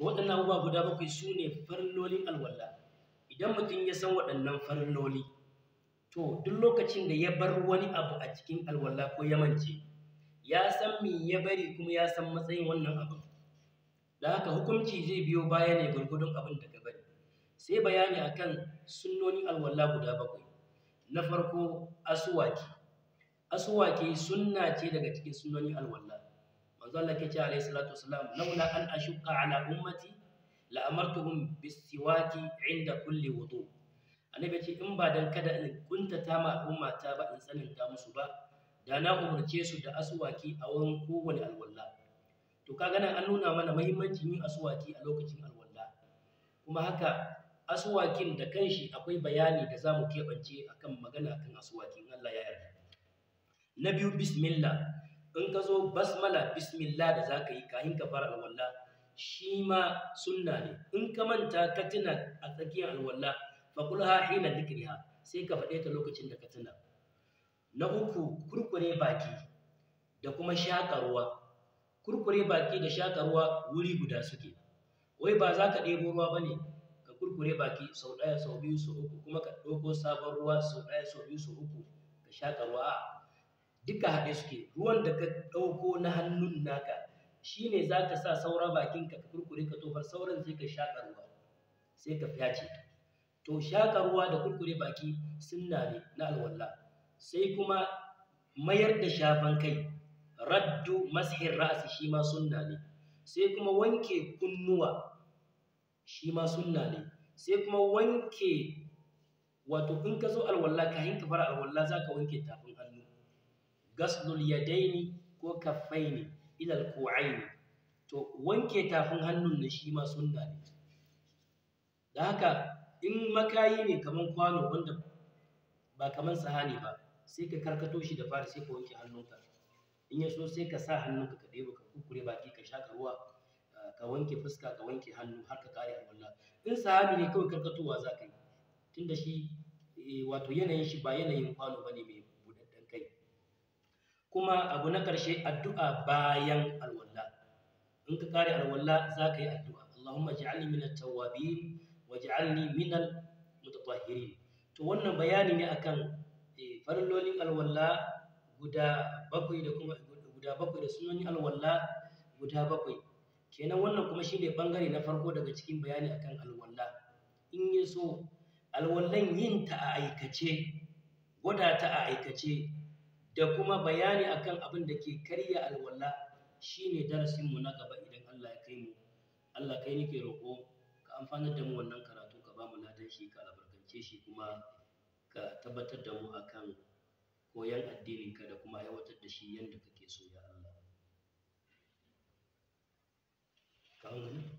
to waɗannan abubuwa guda bakwai su ne farillolin alwala idan mutum ya san waɗannan farloli to duk lokacin da ya bar wani abu a cikin alwala ko ya mance ya san me ya bari kuma ya san matsayin wannan abu da haka hukunci zai biyo baya ne gurgudun abin da ka bari sai bayani akan sunnonin alwala guda bakwai na farko asuwaki asuwaki sunna ce daga cikin sunnonin alwala manzo Allah ke ce alayhi salatu wasalam laula an ashqa ala ummati la amartuhum bisiwaki inda kulli wudu annabi ce in ba dan kada in kuntata ma ummata ba in tsananta musu ba da na umarce su da aswaki a wurin kowane alwala to kaga nan an nuna mana muhimmancin yin aswaki a lokacin alwala kuma haka aswakin da kanshi akwai bayani da zamu kebance akan magana kan aswakin Allah ya yarda na biyu bismillah in ka zo basmala bismillah da za ka yi kahin ka fara alwallah shi ma sunna ne in ka manta ka tuna a tsakiyar alwala ha hina dikriha sai ka faɗe ta lokacin da ka tuna na uku kurkure baki da kuma shakarwa kurkure baki da shakarwa wuri guda suke wai ba za ka ɗebo ruwa ba ne ka kurkure baki sau ɗaya sau biyu sau uku kuma ka ɗauko sabon ruwa sau ɗaya sau biyu sau uku ka shakarwa a duka haɗe suke ruwan da ka ɗauko na hannun naka shi ne za ka sa saura bakinka ka kurkure ka tofar sauran sai ka shaƙa ruwa sai ka fyace to shaƙa ruwa da kurkure baki sunna ne na alwala sai kuma mayar da shafan kai raddu mashin ra'asi shi ma sunna ne sai kuma wanke kunnuwa shi ma sunna ne sai kuma wanke wato in ka zo alwala ka hinka fara alwala za ka wanke tafin hannu gaslul yadaini ko kaffaini ila alku'aini to wanke tafin hannun na shi ma sunna ne da haka in makayi ne kaman kwano wanda ba kaman sahani ba sai ka karkato shi da fara sai ka wanke hannunka in ya so sai ka sa hannunka ka ɗeba ka kukure baki ka shaka ruwa eh, ka wanke fuska ka wanke hannu har ka kare alwala in sahani ne kawai karkatowa za ka yi tunda shi eh, wato yanayin shi ba yanayin kwano ba ne mai kuma abu na ƙarshe addu'a bayan alwallah in ka ƙare alwallah za ka yi addu'a Allahumma ij'alni min tawabi wa waj'alni min al-mutatahhirin to wannan bayani ne akan eh, farillolin alwallah guda bakwai da kuma guda bakwai da sunanin alwallah guda bakwai kenan wannan kuma shine bangare na farko daga cikin bayani akan alwallah in ya so alwallan yin ta a aikace gwada ta a aikace da kuma bayani akan abin da ke karya alwala shine darasin mu na gaba idan Allah ya kai mu Allah kai nake roƙo ka amfanar da mu wannan karatu ka ba mu ladan shi ka albarkance shi kuma ka tabbatar da mu akan koyan ka da kuma aiwatar da shi yadda kake so ya Allah.